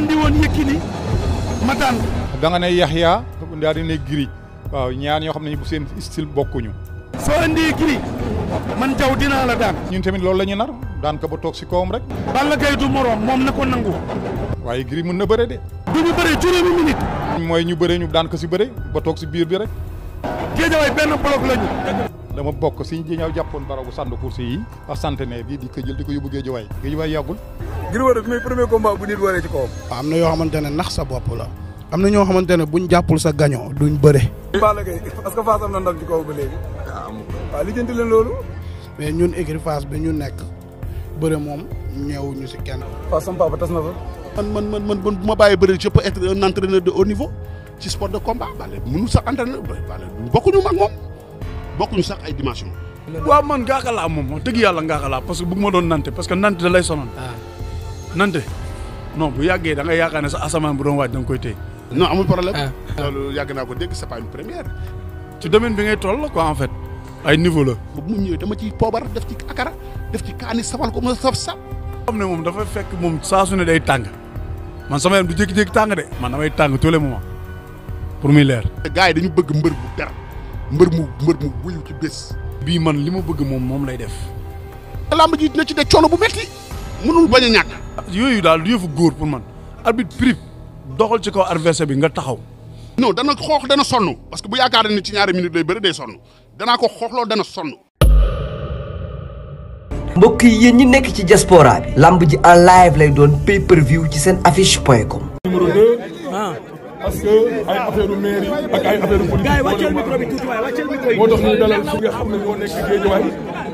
andi woon Yékini ma daan da nga ne Yaxya daal di ne Gris waaw ñaar ñoo xam ne bu seen style bokkuñu. soo andi Gris man jaw dinaa la daan. ñun tamit lool la ñu nar daan ko ba toog si kawam rek. Balla Gaye du moroom moom na ko nangu. waaye Gris mën na bëre de. du ñu bëree juróomi minute. mooy ñu bëree ñu daan ko si bëre ba toog si biir bi rek. géejawaay benn bloc la dama bokk si ñëw jàppoon barabu sànd course yi ak centenaire bi di ko jël di ko yóbbu Géejawaay Géejawaay yàggul Gris Bordeaux bi muy premier combat bu nit waree ci kawam am na yoo xamante ne nax sa bopp la am na ñoo xamante ne buñ jàppul sa gañoo duñ bëre Balla Gaye parce que Fass am na ndam ci kaw ba léegi waaw lijjanti leen loolu mais ñun écurie Fass bi ñu nekk bëre moom ñeewu ñu si kenn Fass sama papa tas na fa man man man man bu ma bàyyi bëri je peux être un entraîneur de haut niveau ci sport de combat Balla mënu sax entraîneur Balla bokkuñu mag moom bokkuñu sax ay dimension. waaw man ngaaka laa moom wax dëgg yàlla ngaaka laa parce que bëgg ma doon nante parce que da lay sonal. Ah. nante non bu yàggee da nga yaakaar ne sa asamaan bu doon waaj da nga koy téye. non amul problème. Ah. loolu yàgg naa ko dégg c'est pas une première. ci domaine bi ngay toll la quoi en fait. ay niveau la. dama ci poobar def ci def ci kaani safal ko ma saf saf. xam ne moom dafa fekk moom saa su day tàng man sama yaram du jékki-jékki tàng de man damay tàng tous les moments pour muy leer. gars yi dañu bëgg mbër bu mbër mu mbër mu wuyu ci bés. bii man li ma bëgg moom moom lay def. làmb ji dina ci def coono bu metti mënul bañ a ñàkk. yooyu daal du yëfu góor pour man arbitre prip doxal ci kaw adversaire bi nga taxaw. non dana xoox dana sonn parce que bu yaakaar ne ci ñaari minutes lay bëri day sonn danaa ko xooxloo dana sonn. mbokk yi yéen ñi nekk ci diaspora bi. làmb ji en live lay doon pay per view ci seen affiche point com. parce que ay affaire mairie ak ay affaire politique moo tax ñu dalal ñi nga xam ne ñoo nekk Géejawaay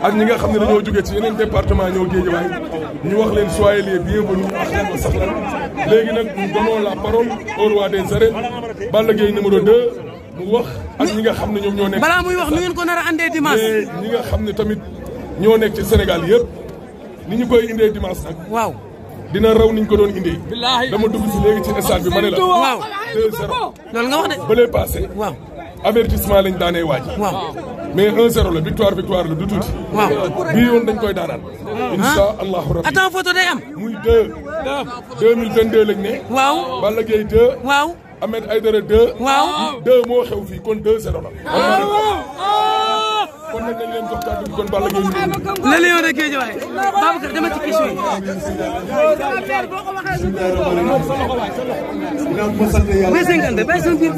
ak ñi nga xam ne dañoo jógee ci yeneen département ñëw Géejawaay ñu wax leen soyez les bienvenus ak lan sax léegi nag nous donnons la parole au roi des arènes Balla Gaye numéro 2 mu wax ak ñi nga xam ne ñoom ñoo nekk. balaa muy wax nu ngeen ko nar a andee dimanche. ñi nga xam ne tamit ñoo nekk ci Sénégal yëpp ni ñu koy indee dimanche nag. waaw. dina raw niñ ko doon indee. dama dugg si léegi ci stade bi ma ne la. waaw 2 nga wax de. bële paase. waaw avertissement lañ daanee waaj. waaw mais 1-0 la victoire victoire la du tuuti. waaw bii yoon dañ koy daanaat. Ah. incha allahu rabbi attends photo de am. muy 2. 2022 lañ ne. waaw Balla Gaye 2. waaw Ahmed Aïdara 2. waaw 2 moo xew fii kon 2-0 la. Ah, kon nag dañ leen jox la Lion de Guédiawaye Babacar dama ci question yi.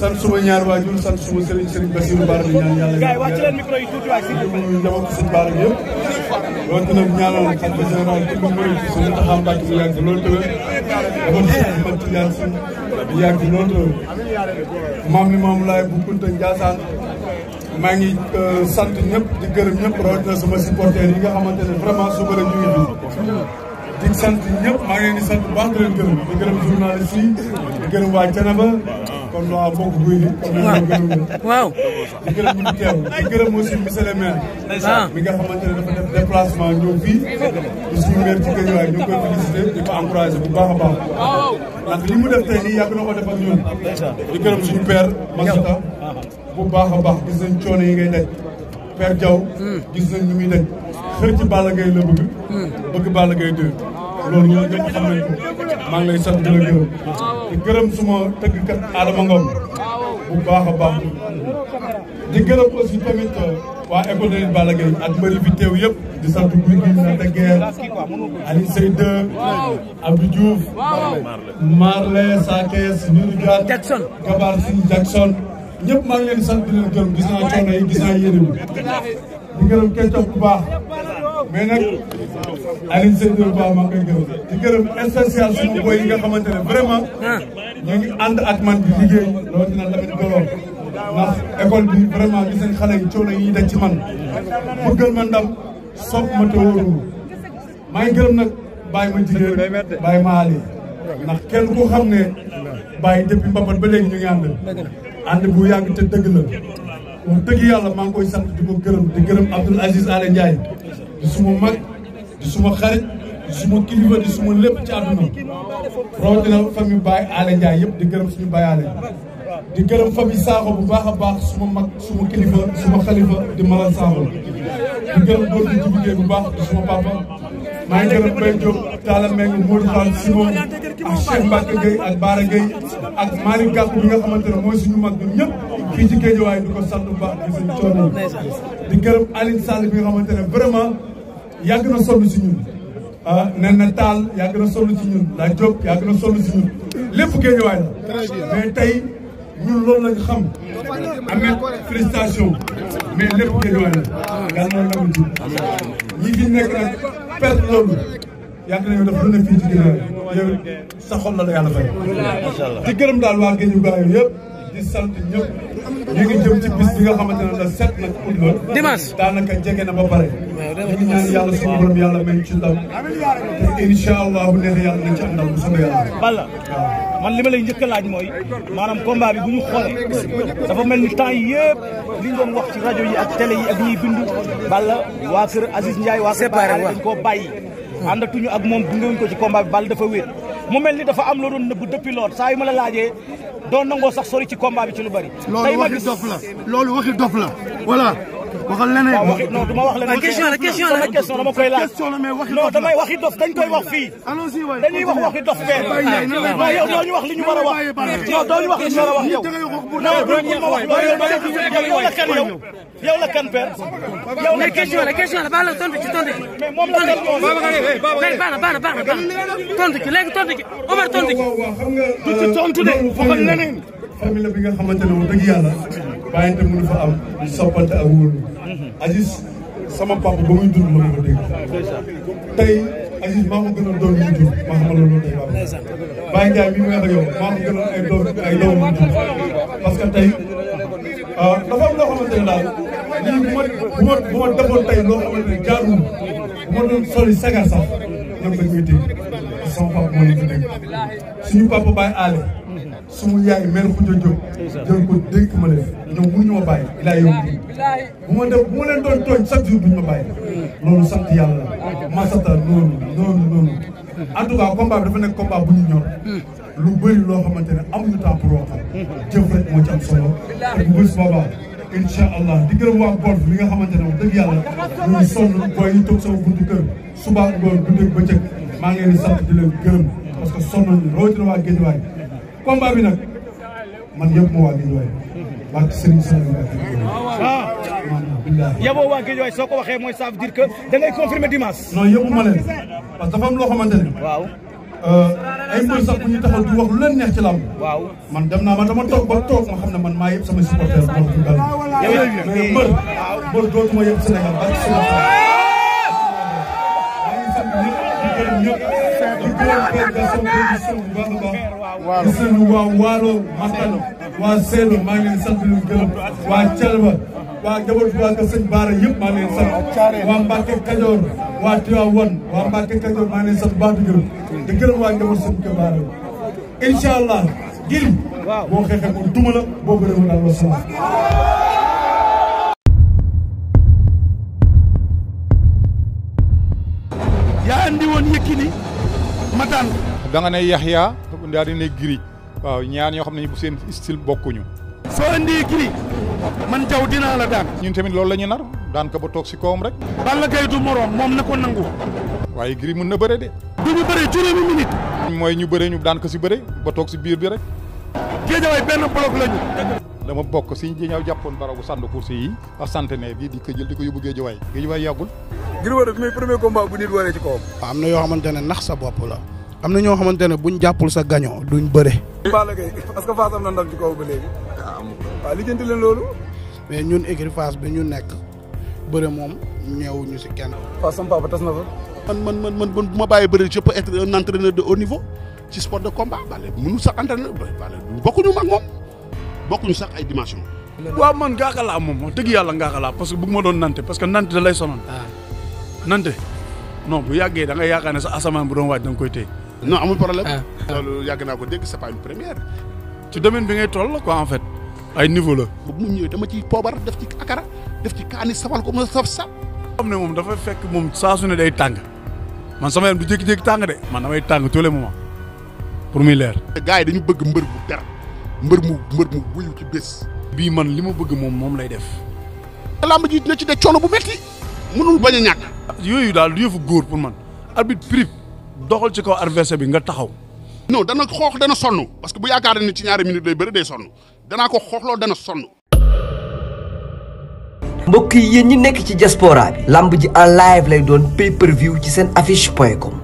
sant suma ñaar waajur sant suma sëriñ sëriñ Bassirou Bara di ñaan yàlla. gars yi wàcc leen micro yi tuuti waay si ñu njaboot sëñ Bara gi mu mënul bu yàgg loolu maa ngi euh, sant ñëpp di gërëm ñëpp rawatina sama supporters yi nga xamante ne vraiment suba la ñu ngi fi di sant ñëpp maa ngi leen di sant bu baax di leen gërëm di gërëm journaliste yi di gërëm waa Thiénaba kon waa mbokk guy bi comme ni ma gërëm waaw di gërëm ñu teew di gërëm aussi monsieur le maire mi nga xamante ne dafa def déplacement ñëw fii di suñu maire ci Guédiawaye ñu koy félicité di ko encouragé bu baax a baax ndax li mu def tey nii yàgg na ko def ak ñun di gërëm suñu père Massata bu baax a baax gis nañ coono yi ngay daj Père Diaw hmm. gis nañ ñu ngi daj xër ci Balla Gaye la bëgg hmm. bëgg maa ngi lay sant di la gërëm di gërëm suma tëggkat Adama bu baax a baax di gërëm aussi tamit euh, waa école de Balla yëpp di sant guy gi sant guerre Aliou Seyde Abdou Diouf Marley Sakes Nuru Diagne Gabar ñëpp maa ngi leen sant di leen gërëm gis naa coono yi gis naa yéene bi di gërëm bu baax mais nag Alioune Seye bu baax maa ngi koy gërëm di gërëm essentiel suma yi nga xamante ne vraiment ñu ngi ànd ak man di liggéey loolu dina tamit gëloon ndax école bi vraiment gis nañ yi coono yi daj ci man bëggal ma ndam sopp ma te wóorul maa ngi gërëm nag bàyyi ma jigéen bàyyi ma aale ndax kenn ku xam ne bàyyi depuis mbapat ba léegi ñu ngi ànd ànd bu yàgg te dëgg na wax dëgg yàlla maa ngi sant di ko gërëm di gërëm Abdoul Aziz Aly Ndiaye di suma mag di suma xarit di suma kilifa di suma lépp ci àdduna rawatina famille Baye Aly Ndiaye yëpp di gërëm suñu Baye Aly di gërëm famille Sakho bu baax a baax suma mag suma kilifa suma xalifa di Malal Sakho di gërëm góor gi ci liggéey bu baax di suma papa maa ngi e Mbaye Diop Talla Mbengue Modou Fall Simon ak Cheikh Mbacke Gueye ak Baara Gueye ak Malick Gakou bi nga xamante mooy suñu mag ñun ñëpp fii ci Guédiawaye di ko sant bu baax di suñu coono di gërëm Aline Sall bi nga xamante ne vraiment yàgg na sonn ci ñun ah nee na Tall yàgg na sonn ci ñun la Diop yàgg na sonn ci ñun lépp Guédiawaye la mais tey ñun loolu lañ xam amet félicitation mais lépp Guédiawaye la yàlla na ndam ci ñi fi nekk nag perte loolu yàgg nañu fii ci Guédiawaye yow sa xol la la yàlla fay di gërëm daal waa Guédiawaye yëpp di sant ñëpp ñu ngi jëm ci bis bi nga xamante ne la set nag pour loolu. dimanche daanaka jege na ba pare. ñu ngi ñaan yàlla suñu borom yàlla may ci ndam. te man li ma lay njëkk a laaj mooy maanaam combat bi bu dafa mel ni temps yi li ñu doon wax ci rajo yi ak télé yi ak ñuy bindu. Balla waa kër Aziz Ndiaye waa kër Baara dañ koo bàyyi. àndatuñu ak moom gunge ko ci combat bi Balla dafa wéet. mu mel ni dafa am la doon nëbb depuis lool saa yu ma la laajee doon nangoo sax sori ci combat bi ci lu bari. tey ma gis loolu waxi dof la loolu waxi dof la waxal leneen waxit non duma wax leneen question la question la question dama koy laaj non damay waxi dof dañ koy wax fii dañuy wax waxi dof fee ah, non yow doo ñu wax li ñu war a wax non doo ñu wax li ñu war a wax yow non doo ñu ma wax yow la kan yow yow la kan père yow la question la question la baal tontu ci tontu ci mais moom la kan baba bana bana bana tontu ci léegi tontu ci Omar tontu ci du ci tontu de euh, waxal leneen famille bi nga xamante ne wax dëgg yàlla bàyyante mënu fa am soppante ak wóolu Aziz sama papa ba muy dund la ma ko dégg tey Aziz maa ko gënoon doom yu dund maa xamal loolu tey papa Baye Ndiaye mi ngi wax ak yow maa ko gënoon ay doom ay doom yu dund parce que tey ah, daal lii bu ma bu ma loo xamante ne jaarul bu ma soli sagar sax ñoom dañ koy sama papa moo nekk dëgg suñu papa bàyyi aale suñu yaay mère Khoudia Diop jël ko dénk ma leen ñoom mënuñu ma bàyyi ilaa yow bi bu ma bu ma leen doon tooñ chaque jour ma bàyyi loolu sant yàlla masata noonu noonu noonu en tout cas combat bi dafa nekk combat bu ñu ñor lu bëri loo xamante ne amuñu temps pour wax jëf rek moo ci am solo te bu bés allah di gërëm waa golf li nga xamante ne wax dëgg yàlla ñuy sonn booy yi toog sama buntu kër suba ngoon guddeeg bëccëg maa ngi leen di sant di leen gërëm parce que sonn nañu rawatina waa Guédiawaye combat bi nag man yëpp moo waa Guédiawaye waa Serigne Saliou Mbacké yaboo waa Guédiawaye soo ko waxee mooy ça veut dire que da ngay confirmer dimanche non yëpp ma leen parce que dafa loo xamante ne waaw euh, ay mbër sax bu ñu taxaw di wax lu leen neex ci làmb waaw man dem naa man dama toog ba toog ma xam ne man maa yëpp sama supporter bo dal mais mbër mbër dootuma yëpp Sénégal ñoom ñëpp di a baax. di sant waa Waalo Makano waa Kër waa Mbacke Kajoor waa Tivaouane waa Mbacke Kajoor di gërëm di gërëm waa la boo bëree woon daal la andi woon Yékini ma daan da nga ne Yaxya daal di ne Gris waaw ñaar ñoo xam ne bu seen style bokkuñu. soo andee Gris man jaw dinaa la daan. ñun tamit loolu la ñu nar daan ko ba toog si kawam rek. Balla Gaye du moroom moom na ko nangu. waaye Gris mën na bëre de. du ñu bëre juróomi minute. mooy ñu bëre ñu daan ko si bëre ba toog si biir bi rek. géejawaay benn bloc la ñu. dama bokk si ñi ñëw jàppoon baragu sànd course yi ak centenaire bi di ko jël di ko yóbbu Géejawaay Géejawaay yàggul Gris Bordeaux bi muy premier combat bu nit waree ci kawam am na yoo xamante ne nax sa bopp la am na ñoo xamante ne buñ jàppul sa gañoo duñ bëre Balla Gaye parce que Fass am na ndam ci kaw ba léegi waaw lijjanti leen mais ñun écurie Fass bi ñu nekk bëre moom ñëw ñu si kenn Fass sama ba tas na fa man man man man man bu ma bàyyi bëre je peux être un entraîneur de haut niveau ci sport de combat Balla mënu bokkuñu sax ay dimension. waaw man ngaaka laa moom wax dëgg yàlla ngaaka laa parce que bëgg ma doon nante parce que nante da lay sonal. Ah. nante non bu yàggee da nga yaakaar ne sa asamaan bu doon waaj da nga koy téye. non amul problème. Ah, ah. loolu yàgg naa ko dégg c'est pas une première. ci domaine bi ngay toll la en fait. ay niveau la. dama ciy poobar def ci akara def ci kaani sabal ko mën a saf saf. xam ne moom dafa fekk moom saa su day tàng man sama yaram du jékki-jékki tàng de man damay tàng tous les moments pour muy leer. gars yi dañu bëgg mbër bu dara. mbër mu mbër mu wuyu ci bés. bii man li mu bëgg moom moom lay def. lamb ji dina ci de coono bu metti mënul bañ a ñàkk. yooyu daal du yëfu góor pour man. arbitre prip doxal ci kaw adversaire bi nga taxaw. non dana xoox dana sonn parce que bu yaakaar ne ci ñaari minutes lay bëri day sonn danaa ko xooxloo dana sonn. mbokk yi yéen ñi nekk ci diaspora bi. lamb ji en live lay doon pay per ci seen affice point com.